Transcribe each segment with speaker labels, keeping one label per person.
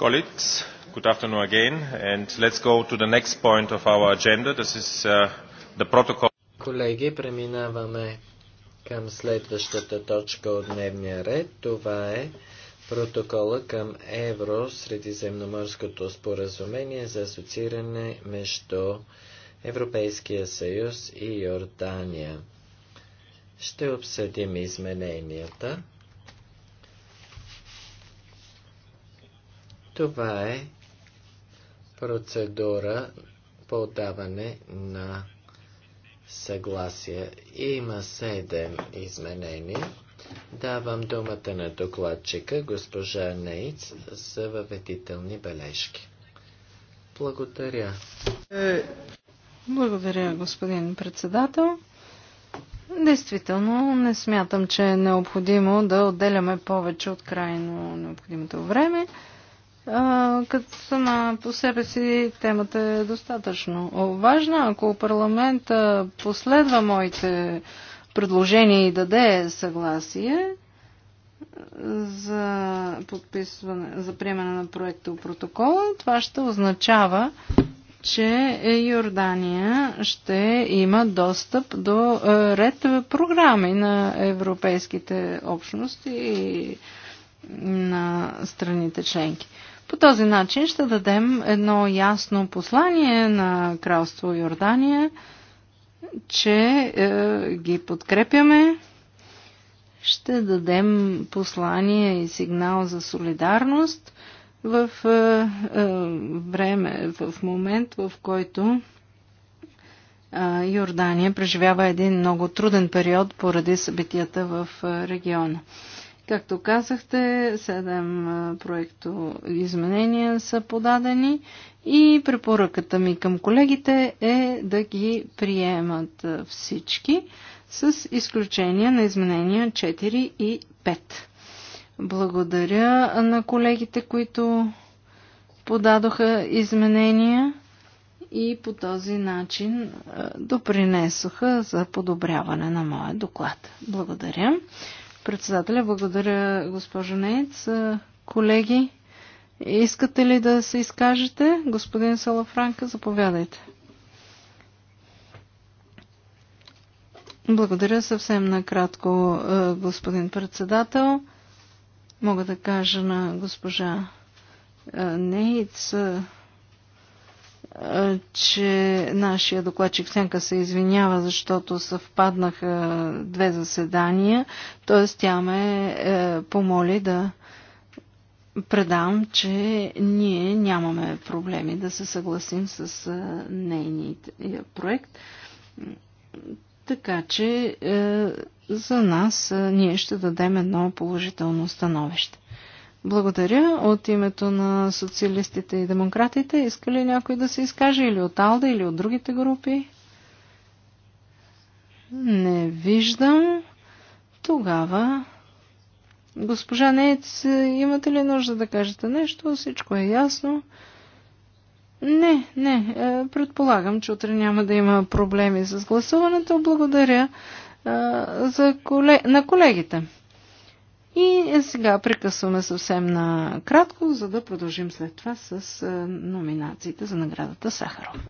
Speaker 1: Colleagues, good afternoon again, and let's go to the next point of our agenda. This is uh, the protocol. Колеги, преминаваме
Speaker 2: към следващата точка от дневния ред. Това е протокола към Евро Средиземноморското споразумение за асоцииране между Европейския съюз и Йордания. Ще обсъдим измененията. Това е процедура по даване на съгласие. Има седем изменения. Давам думата на докладчика, госпожа Нейц, за въведителни бележки. Благодаря.
Speaker 3: Благодаря, господин председател. Действително, не смятам, че е необходимо да отделяме повече от крайно необходимото време като сама по себе си темата е достатъчно важна. Ако парламент последва моите предложения и даде съгласие за подписване, за приемане на проекта протокола, това ще означава, че Йордания ще има достъп до е, ред програми на европейските общности и на страните членки. По този начин ще дадем едно ясно послание на Кралство Йордания, че е, ги подкрепяме, ще дадем послание и сигнал за солидарност в е, е, време, в момент, в който е, Йордания преживява един много труден период поради събитията в е, региона. Е, Както казахте, 7 проекто изменения са подадени и препоръката ми към колегите е да ги приемат всички, с изключение на изменения 4 и 5. Благодаря на колегите, които подадоха изменения и по този начин допринесоха за подобряване на моя доклад. Благодаря. Председателя, благодаря госпожо Нейц. Колеги, искате ли да се изкажете? Господин Салафранка, заповядайте. Благодаря съвсем накратко, господин председател. Мога да кажа на госпожа Нейц, че нашия докладчик Сенка се извинява, защото съвпаднаха две заседания, т.е. тя ме е, помоли да предам, че ние нямаме проблеми да се съгласим с нейния проект. Така че е, за нас е, ние ще дадем едно положително становище. Благодаря. От името на социалистите и демократите иска ли някой да се изкаже или от Алда, или от другите групи? Не виждам. Тогава, госпожа Нейц, имате ли нужда да кажете нещо? Всичко е ясно. Не, не. Е, предполагам, че утре няма да има проблеми с гласуването. Благодаря е, за коле... на колегите. И сега прекъсваме съвсем на кратко, за да продължим след това с е, номинациите за наградата Сахаров.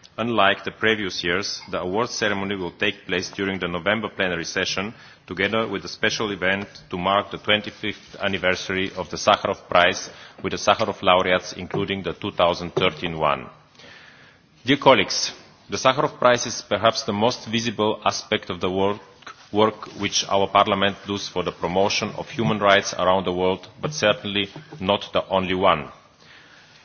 Speaker 1: Unlike the previous years, the awards ceremony will take place during the November plenary session, together with a special event to mark the 25th anniversary of the Sakharov Prize, with the Sakharov laureates, including the 2013 one. Dear colleagues, the Sakharov Prize is perhaps the most visible aspect of the work, work which our Parliament does for the promotion of human rights around the world, but certainly not the only one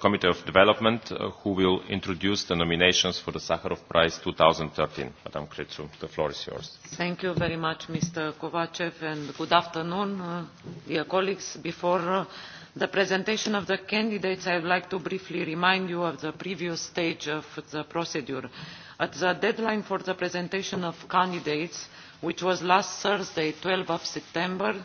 Speaker 1: Committee of Development, uh, who will introduce the nominations for the Sakharov Prize 2013. Madam Kretsu, the floor is yours.
Speaker 4: Thank you very much, Mr. Kovachev, and good afternoon, uh, dear colleagues. Before uh, the presentation of the candidates, I would like to briefly remind you of the previous stage of the procedure. At the deadline for the presentation of candidates, which was last Thursday, 12 of September,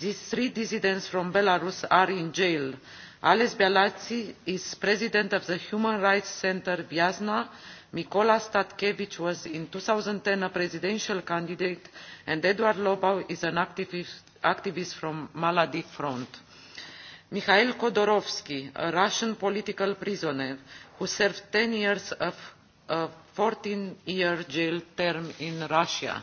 Speaker 4: these three dissidents from belarus are in jail. ales bialatski is president of the human rights centre viasna mikola statkevich was in two thousand and ten a presidential candidate and eduard lobau is an activist from maladi front. mikhail khodorkovsky a russian political prisoner who served ten years of a fourteen year jail term in russia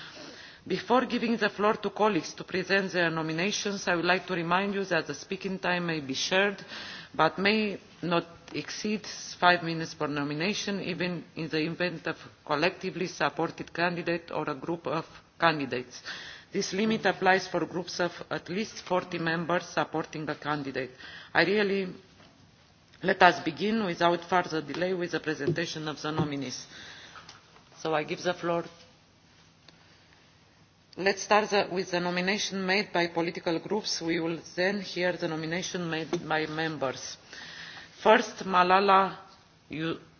Speaker 4: before giving the floor to colleagues to present their nominations i would like to remind you that the speaking time may be shared but may not exceed five minutes per nomination even in the event of a collectively supported candidate or a group of candidates. this limit applies for groups of at least forty members supporting a candidate. let us begin without further delay with the presentation of the nominees. so i give the floor let us start with the nomination made by political groups. we will then hear the nomination made by members. first malala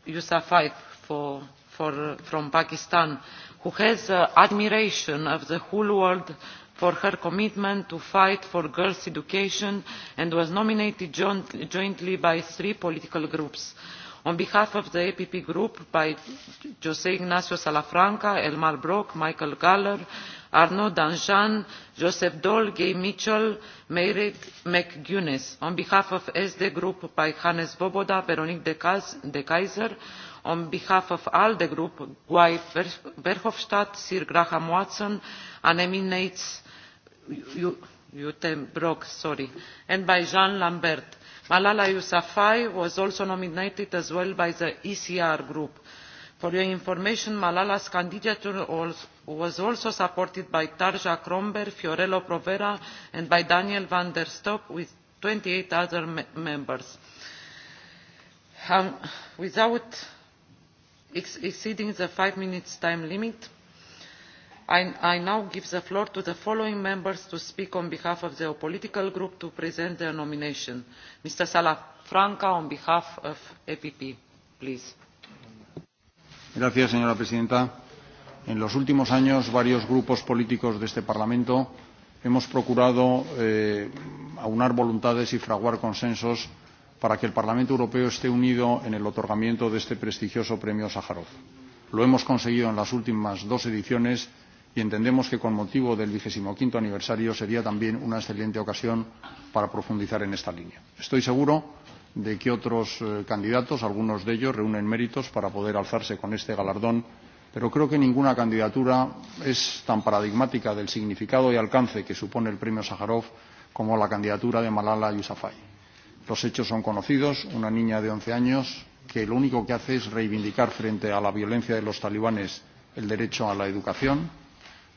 Speaker 4: yousafzai from pakistan who has admiration of the whole world for her commitment to fight for girls' education and was nominated jointly by three political groups on behalf of the epp group by jos ignacio salafranca elmar brok michael gahler arnaud danjean joseph daul gay mitchell mairead mcguinness; on behalf of the sd group by hannes swoboda veronique de keyser; on behalf of the alde group guy verhofstadt sir graham watson annemie neitz jutta brok and by jean lambert malala yousafzai was also nominated as well by the ecr group. for your information malala's candidature was also supported by tarja kromber fiorello provera and by daniel van der stoep with twenty eight other members. without exceeding the five minutes time limit i now give the floor to the following members to speak on behalf of their political group to present their nomination mr salafranca on behalf of the epp please.
Speaker 5: señora presidenta en los últimos años varios grupos políticos de este parlamento hemos procurado aunar voluntades y fraguar consensos para que el parlamento europeo esté unido en el otorgamiento de este prestigioso premio sájarov. lo hemos conseguido en las últimas dos ediciones y entendemos que con motivo del quinto aniversario sería también una excelente ocasión para profundizar en esta línea. Estoy seguro de que otros candidatos, algunos de ellos, reúnen méritos para poder alzarse con este galardón, pero creo que ninguna candidatura es tan paradigmática del significado y alcance que supone el premio Sájarov como la candidatura de Malala Yousafzai. Los hechos son conocidos, una niña de once años que lo único que hace es reivindicar frente a la violencia de los talibanes el derecho a la educación,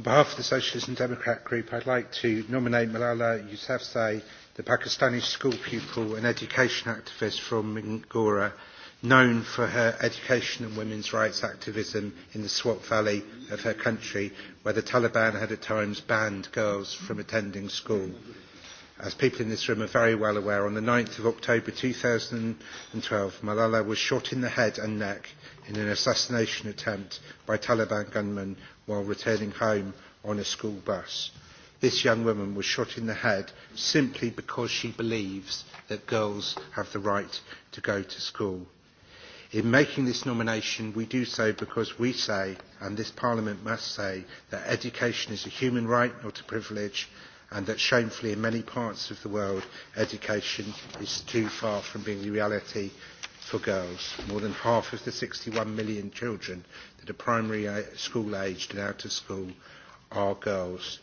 Speaker 6: On behalf of the Socialist and Democrat Group, I'd like to nominate Malala Yousafzai, the Pakistani school pupil and education activist from Mingora, known for her education and women's rights activism in the Swat Valley of her country, where the Taliban had at times banned girls from attending school as people in this room are very well aware, on the 9th of October 2012, Malala was shot in the head and neck in an assassination attempt by Taliban gunmen while returning home on a school bus. This young woman was shot in the head simply because she believes that girls have the right to go to school. In making this nomination, we do so because we say, and this Parliament must say, that education is a human right, not a privilege, and that shamefully in many parts of the world education is too far from being the reality for girls. More than half of the 61 million children that are primary school aged and out of school are girls.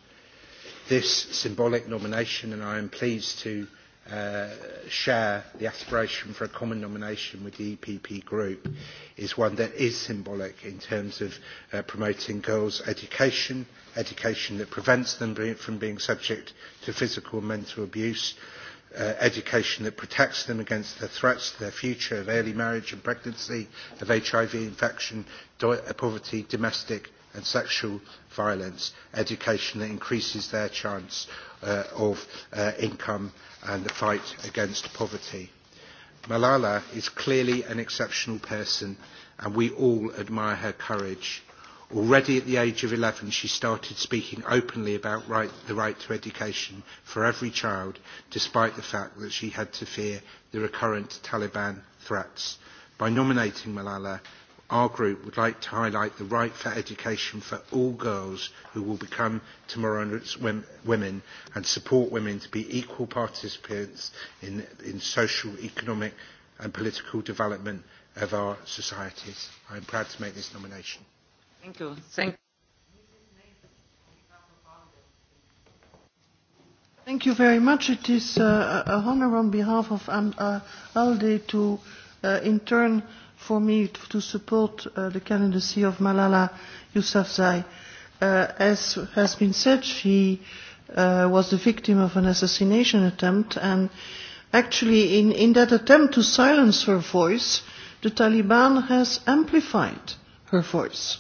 Speaker 6: This symbolic nomination, and I am pleased to share the aspiration for a common nomination with the EPP group is one that is symbolic in terms of uh, promoting girls' education, education that prevents them from being subject to physical and mental abuse, uh, education that protects them against the threats to their future of early marriage and pregnancy, of HIV infection, poverty, domestic and sexual violence, education that increases their chance uh, of uh, income and the fight against poverty. Malala is clearly an exceptional person and we all admire her courage. Already at the age of 11, she started speaking openly about right, the right to education for every child, despite the fact that she had to fear the recurrent Taliban threats. By nominating Malala, our group would like to highlight the right for education for all girls who will become tomorrow's women and support women to be equal participants in, in social, economic and political development of our societies. I am proud to make this nomination.
Speaker 4: Thank you. Thank
Speaker 2: Thank you very much. It is uh, a honor on behalf of um, uh, ALDE to uh, in turn uh, for me to support uh, the candidacy of Malala Yousafzai. Uh, as has been said, she uh, was the victim of an assassination attempt, and actually, in, in that attempt to silence her voice, the Taliban has amplified her voice.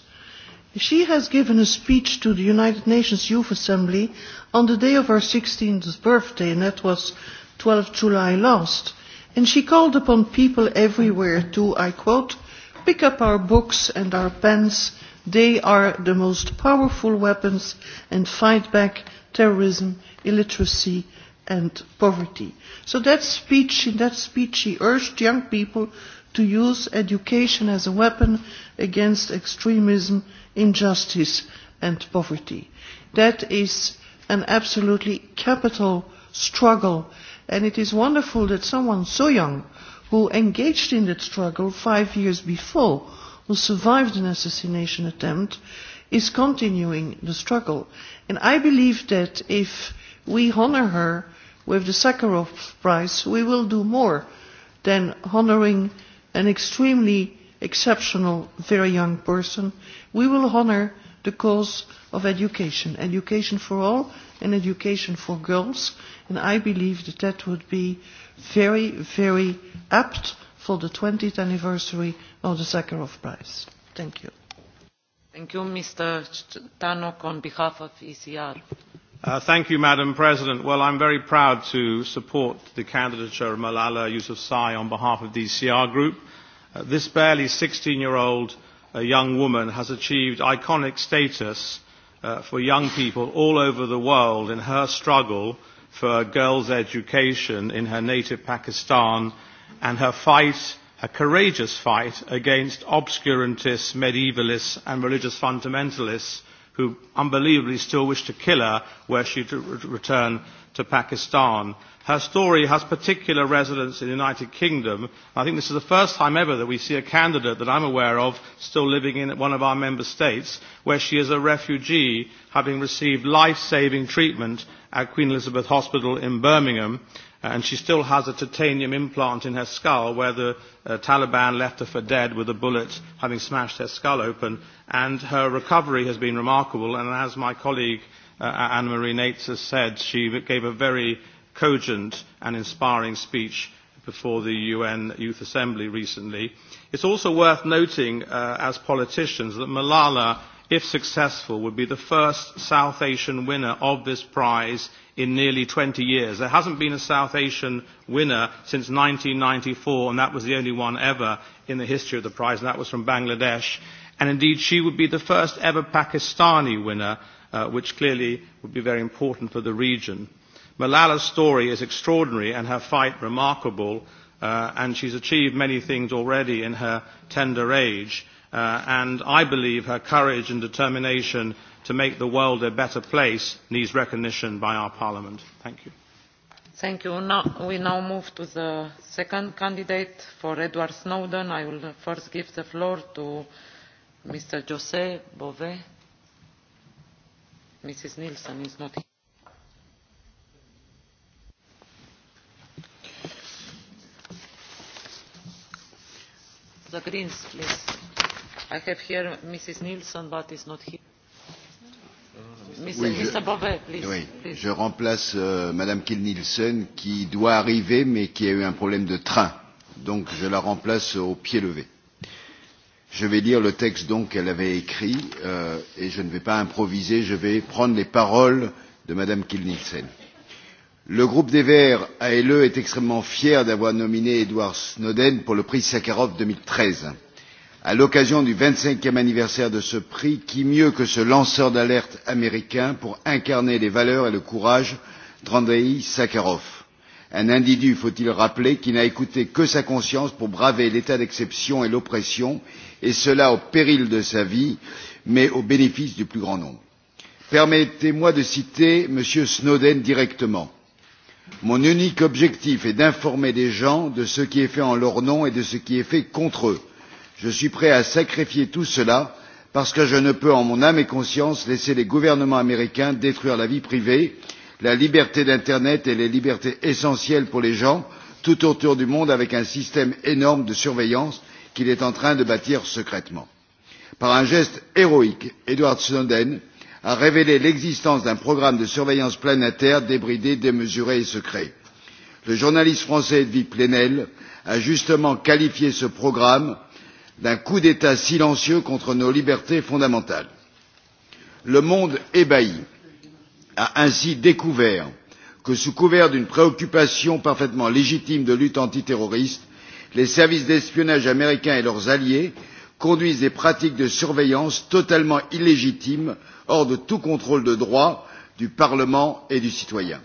Speaker 2: She has given a speech to the United Nations Youth Assembly on the day of her 16th birthday, and that was 12 July last and she called upon people everywhere to, I quote, pick up our books and our pens. They are the most powerful weapons and fight back terrorism, illiteracy, and poverty. So that speech, in that speech, she urged young people to use education as a weapon against extremism, injustice, and poverty. That is an absolutely capital struggle And it is wonderful that someone so young, who engaged in that struggle five years before, who survived an assassination attempt, is continuing the struggle. And I believe that if we honor her with the Sakharov Prize, we will do more than honoring an extremely exceptional, very young person. We will honor the cause of education, education for all and education for girls. And I believe that that would be very, very apt for the 20th anniversary of the Sakharov Prize. Thank you.
Speaker 4: Thank you, Mr. Tanok, on behalf of ECR.
Speaker 7: Uh, thank you, Madam President. Well, I'm very proud to support the candidature of Malala Yousafzai on behalf of the ECR group. Uh, this barely 16-year-old uh, young woman has achieved iconic status uh, for young people all over the world in her struggle for a girls' education in her native Pakistan and her fight, her courageous fight against obscurantists, medievalists and religious fundamentalists who unbelievably still wish to kill her were she to return to Pakistan. Her story has particular resonance in the United Kingdom. I think this is the first time ever that we see a candidate that I'm aware of still living in one of our member states, where she is a refugee having received life-saving treatment at Queen Elizabeth Hospital in Birmingham and she still has a titanium implant in her skull where the uh, Taliban left her for dead with a bullet having smashed her skull open. And her recovery has been remarkable, and as my colleague uh, Anne-Marie Nates has said, she gave a very cogent and inspiring speech before the UN Youth Assembly recently. It's also worth noting, uh, as politicians, that Malala, if successful, would be the first South Asian winner of this prize in nearly 20 years. There hasn't been a South Asian winner since 1994, and that was the only one ever in the history of the prize, and that was from Bangladesh. And indeed, she would be the first ever Pakistani winner, uh, which clearly would be very important for the region. Malala's story is extraordinary and her fight remarkable, uh, and she's achieved many things already in her tender age Uh, and I believe her courage and determination to make the world a better place needs recognition by our Parliament. Thank you.
Speaker 4: Thank you. Now, we now move to the second candidate for Edward Snowden. I will first give the floor to Mr. Jose Bove. Mrs. Nielsen is not here. The Greens, please. I have here Mrs. Nielsen, but is not here.
Speaker 8: je,
Speaker 9: remplace euh, Madame Kil Nielsen qui doit arriver mais qui a eu un problème de train. Donc je la remplace au pied levé. Je vais lire le texte donc qu'elle avait écrit euh, et je ne vais pas improviser, je vais prendre les paroles de Madame Kil Nielsen. Le groupe des Verts ALE est extrêmement fier d'avoir nominé Edward Snowden pour le prix Sakharov 2013 à l'occasion du vingt cinquième anniversaire de ce prix qui mieux que ce lanceur d'alerte américain pour incarner les valeurs et le courage d'andreï sakharov un individu faut il le rappeler qui n'a écouté que sa conscience pour braver l'état d'exception et l'oppression et cela au péril de sa vie mais au bénéfice du plus grand nombre. permettez moi de citer m. snowden directement mon unique objectif est d'informer les gens de ce qui est fait en leur nom et de ce qui est fait contre eux je suis prêt à sacrifier tout cela parce que je ne peux en mon âme et conscience laisser les gouvernements américains détruire la vie privée la liberté d'internet et les libertés essentielles pour les gens tout autour du monde avec un système énorme de surveillance qu'il est en train de bâtir secrètement. par un geste héroïque edward snowden a révélé l'existence d'un programme de surveillance planétaire débridé démesuré et secret. le journaliste français Edwin plenel a justement qualifié ce programme d'un coup d'état silencieux contre nos libertés fondamentales. le monde ébahi a ainsi découvert que sous couvert d'une préoccupation parfaitement légitime de lutte antiterroriste les services d'espionnage américains et leurs alliés conduisent des pratiques de surveillance totalement illégitimes hors de tout contrôle de droit du parlement et du citoyen.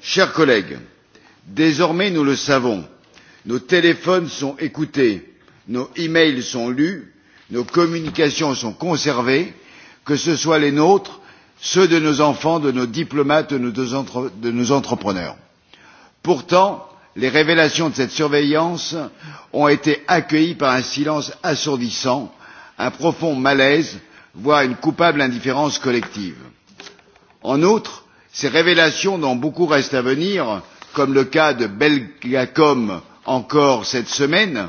Speaker 9: chers collègues désormais nous le savons nos téléphones sont écoutés nos emails sont lus, nos communications sont conservées, que ce soit les nôtres, ceux de nos enfants, de nos diplomates, de nos, entre, de nos entrepreneurs. Pourtant, les révélations de cette surveillance ont été accueillies par un silence assourdissant, un profond malaise, voire une coupable indifférence collective. En outre, ces révélations dont beaucoup restent à venir, comme le cas de Belgacom encore cette semaine,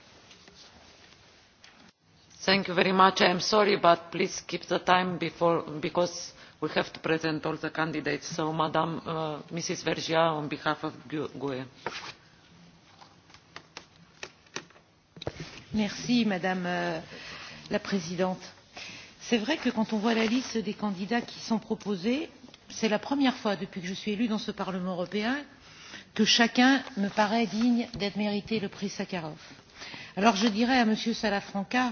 Speaker 4: thank you very on behalf of gue.
Speaker 10: Merci, madame la présidente c'est vrai que quand on voit la liste des candidats qui sont proposés c'est la première fois depuis que je suis élue dans ce parlement européen que chacun me paraît digne d'être mérité le prix sakharov. alors je dirais à m. salafranca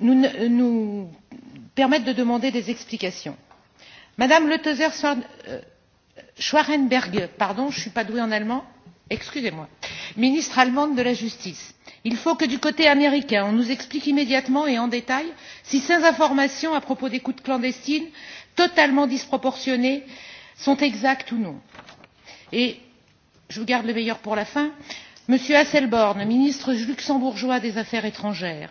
Speaker 10: nous permettent de demander des explications. Madame mme schwarenberg pardon, je ne suis pas douée en allemand excusez moi ministre allemande de la justice il faut que du côté américain on nous explique immédiatement et en détail si ces informations à propos d'écoutes clandestines totalement disproportionnées sont exactes ou non. et je vous garde le meilleur pour la fin Monsieur hasselborn ministre luxembourgeois des affaires étrangères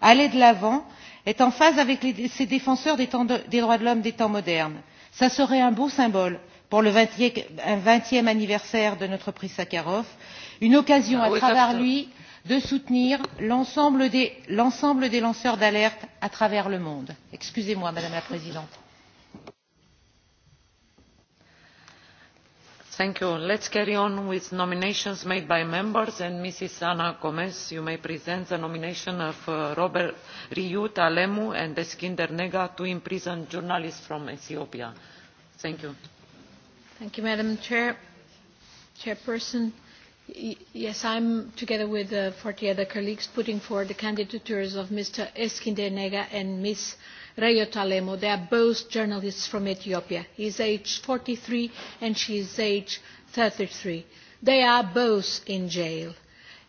Speaker 10: aller de l'avant est en phase avec ces défenseurs des droits de l'homme des temps modernes. ce serait un beau symbole pour le vingtième anniversaire de notre prix sakharov une occasion à travers lui de soutenir l'ensemble des lanceurs d'alerte à travers le monde. excusez moi madame la présidente.
Speaker 4: Thank you. Let's carry on with nominations made by members. And Ms Ana Gomez, you may present the nomination of Robert Riut Alemu and Eskinder Nega, two imprisoned journalists from Ethiopia.
Speaker 11: Madam Chair. Chairperson, yes, together with uh, other colleagues, putting forward the candidatures of Mr. Eskinder Nega and Ms. Reyo Talemo. They are both journalists from Ethiopia. He is age 43 and she is age 33. They are both in jail.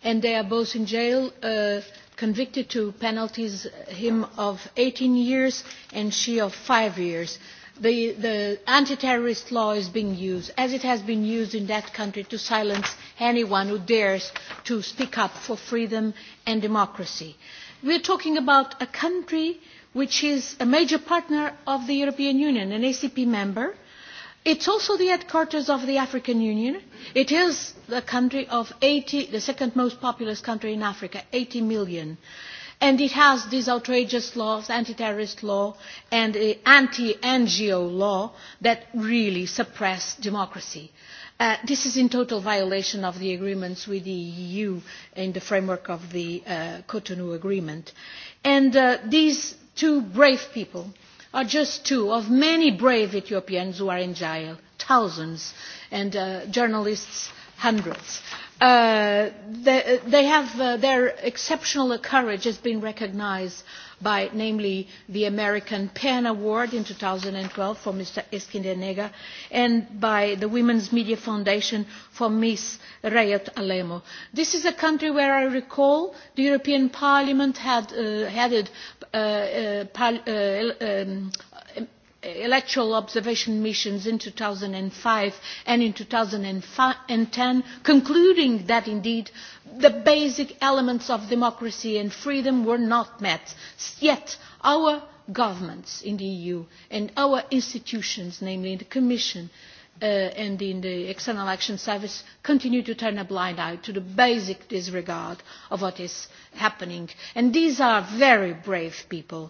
Speaker 11: And they are both in jail, uh, convicted to penalties, him of 18 years and she of 5 years the, the anti-terrorist law is being used, as it has been used in that country, to silence anyone who dares to speak up for freedom and democracy. We are talking about a country which is a major partner of the European Union, an ACP member. It's also the headquarters of the African Union. It is the country of 80, the second most populous country in Africa, 80 million. And it has these outrageous laws, anti-terrorist law and anti-NGO law that really suppress democracy. Uh, this is in total violation of the agreements with the EU in the framework of the uh, Cotonou Agreement. And uh, these two brave people are just two of many brave Ethiopians who are in jail, thousands, and uh, journalists, hundreds. Uh, they, they have, uh, their exceptional courage has been recognized uh, by namely the American PEN Award in 2012 for Mr. Esquindenega and by the Women's Media Foundation for Ms. Rayet Alemo. This is a country where I recall the European Parliament had uh, headed uh, uh, electoral observation missions in two thousand and five and in two thousand and ten concluding that indeed the basic elements of democracy and freedom were not met yet our governments in the eu and our institutions namely the commission and in the external action service continue to turn a blind eye to the basic disregard of what is happening and these are very brave people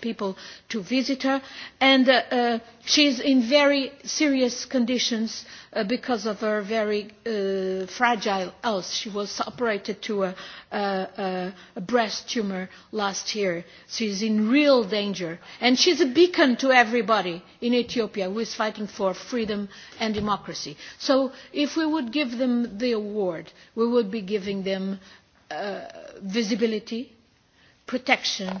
Speaker 11: people to visit her. And uh, uh, in very serious conditions uh, because of her very uh, fragile health. She was operated to a, a, a breast tumor last year. She is in real danger. And she's a beacon to everybody in Ethiopia who is fighting for freedom and democracy. So if we would give them the award, we would be giving them uh, visibility, protection,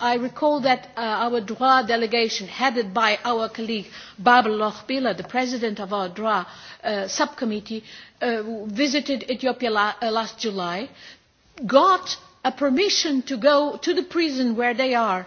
Speaker 11: I recall that uh, our DRA delegation, headed by our colleague Babel Lochbila, the president of our DROA uh, subcommittee, uh, visited Ethiopia la uh, last July, got a permission to go to the prison where they are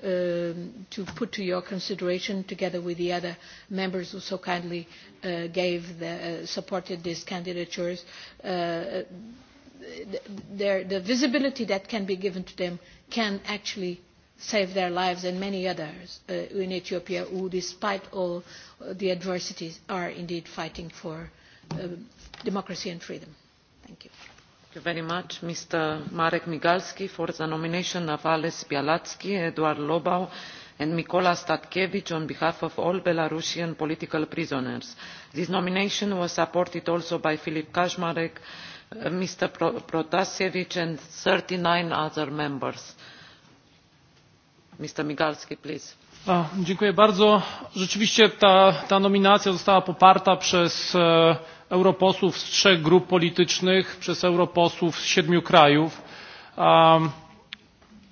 Speaker 11: to put to your consideration together with the other members who so kindly gave the, supported these candidatures. the visibility that can be given to them can actually save their lives and many others uh, in Ethiopia who, despite all the adversities, are indeed fighting for democracy and freedom. Thank
Speaker 4: you. Marek Migalski, for the nomination of Ales Bialatsky, Eduard Lobau, and Mikola Statkevich on behalf of all Belarusian political prisoners. This nomination was supported also by Filip Kaczmarek, Mr. Protasevich, and nine other members. Mr. Migalski, please.
Speaker 12: Rzeczywiście ta, ta nominacja została poparta przez europosłów z trzech grup politycznych przez europosłów z siedmiu krajów.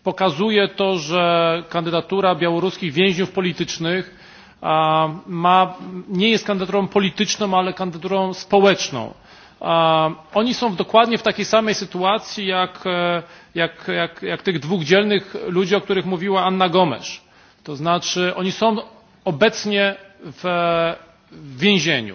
Speaker 12: Pokazuje to, że kandydatura białoruskich więźniów politycznych ma, nie jest kandydaturą polityczną, ale kandydaturą społeczną. Oni są dokładnie w takiej samej sytuacji jak, jak, jak, jak tych dwóch dzielnych ludzi, o których mówiła Anna Gomes. To znaczy oni są obecnie w więzieniu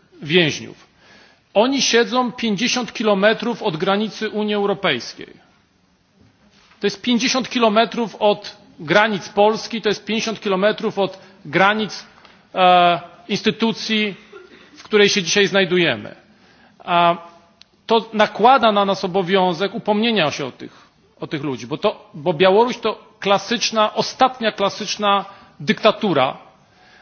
Speaker 12: więźniów. Oni siedzą 50 kilometrów od granicy Unii Europejskiej. To jest 50 kilometrów od granic Polski, to jest 50 kilometrów od granic e, instytucji, w której się dzisiaj znajdujemy. A to nakłada na nas obowiązek upomnienia się o tych, o tych ludzi, bo, to, bo Białoruś to klasyczna, ostatnia klasyczna dyktatura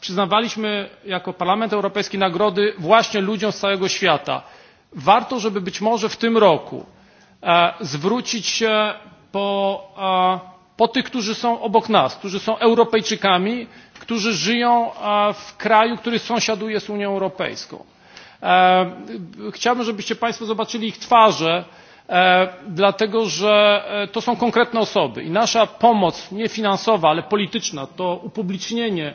Speaker 12: przyznawaliśmy jako Parlament Europejski nagrody właśnie ludziom z całego świata. Warto, żeby być może w tym roku zwrócić się po, po tych, którzy są obok nas, którzy są Europejczykami, którzy żyją w kraju, który sąsiaduje z Unią Europejską. Chciałbym, żebyście Państwo zobaczyli ich twarze, dlatego że to są konkretne osoby i nasza pomoc, nie finansowa, ale polityczna, to upublicznienie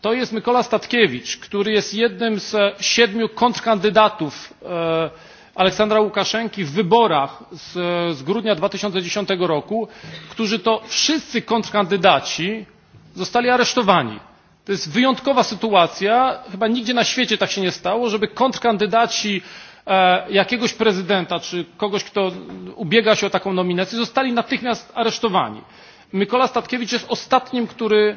Speaker 12: to jest Mykola Statkiewicz, który jest jednym z siedmiu kontrkandydatów Aleksandra Łukaszenki w wyborach z, grudnia dwa tysiące dziesięć roku, którzy to wszyscy kontrkandydaci zostali aresztowani. To jest wyjątkowa sytuacja, chyba nigdzie na świecie tak się nie stało, żeby kontrkandydaci jakiegoś prezydenta czy kogoś, kto ubiega się o taką nominację, zostali natychmiast aresztowani. Mykola Statkiewicz jest ostatnim, który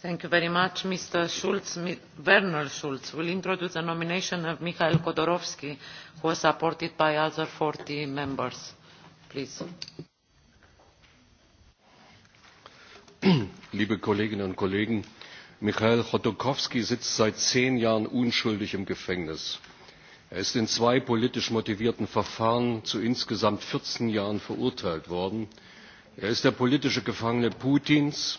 Speaker 4: Werner Schulz will introduce the nomination of Mikhail Khodorkovsky, who was supported by other members.
Speaker 13: Liebe Kolleginnen und Kollegen, Mikhail Chodorkowski sitzt seit zehn Jahren unschuldig im Gefängnis. Er ist in zwei politisch motivierten Verfahren zu insgesamt vierzehn Jahren verurteilt worden. Er ist der politische Gefangene Putins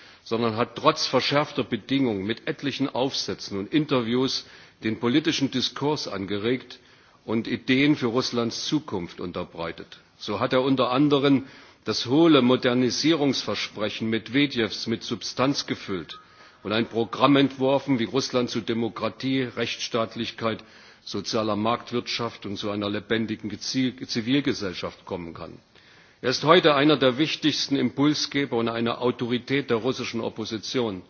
Speaker 13: sondern hat trotz verschärfter bedingungen mit etlichen aufsätzen und interviews den politischen diskurs angeregt und ideen für russlands zukunft unterbreitet. so hat er unter anderem das hohle modernisierungsversprechen medwedjews mit substanz gefüllt und ein programm entworfen wie russland zu demokratie rechtsstaatlichkeit sozialer marktwirtschaft und zu einer lebendigen zivilgesellschaft kommen kann er ist heute einer der wichtigsten impulsgeber und eine autorität der russischen opposition.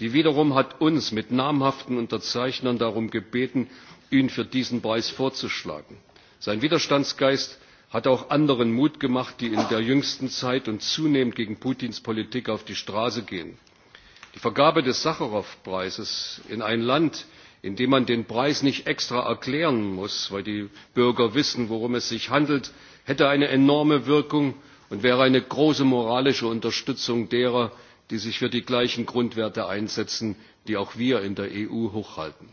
Speaker 13: die wiederum hat uns mit namhaften unterzeichnern darum gebeten ihn für diesen preis vorzuschlagen. sein widerstandsgeist hat auch anderen mut gemacht die in der jüngsten zeit und zunehmend gegen putins politik auf die straße gehen. die vergabe des sacharow preises in ein land in dem man den preis nicht extra erklären muss weil die bürger wissen worum es sich handelt hätte eine enorme wirkung und wäre eine große moralische unterstützung derer die sich für die gleichen grundwerte einsetzen die auch wir in der eu hochhalten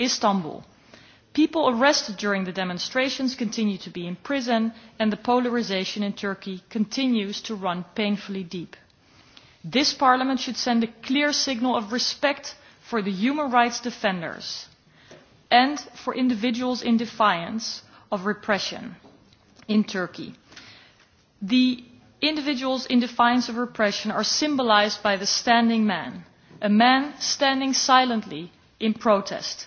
Speaker 14: Istanbul. People arrested during the demonstrations continue to be in prison, and the polarization in Turkey continues to run painfully deep. This parliament should send a clear signal of respect for the human rights defenders and for individuals in defiance of repression in Turkey. The individuals in defiance of repression are symbolized by the standing man, a man standing silently in protest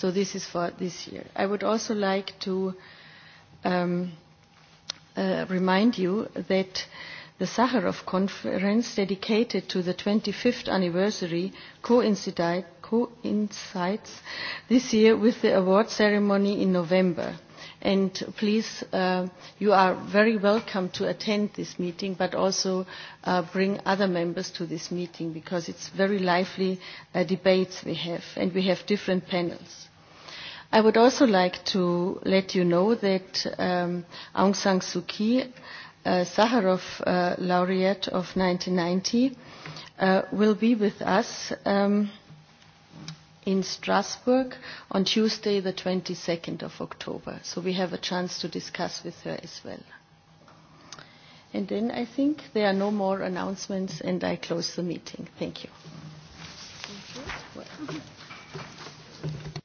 Speaker 15: So this is for this year. I would also like to um, uh, remind you that the Sakharov conference dedicated to the 25th anniversary coincides this year with the award ceremony in November. And please, uh, you are very welcome to attend this meeting, but also uh, bring other members to this meeting because it's very lively uh, debates we have, and we have different panels. I would also like to let you know that um, Aung San Suu Kyi, uh, Sakharov uh, laureate of 1990, uh, will be with us um, in Strasbourg on Tuesday, the 22nd of October. So we have a chance to discuss with her as well. And then I think there are no more announcements, and I close the meeting. Thank you. Thank you.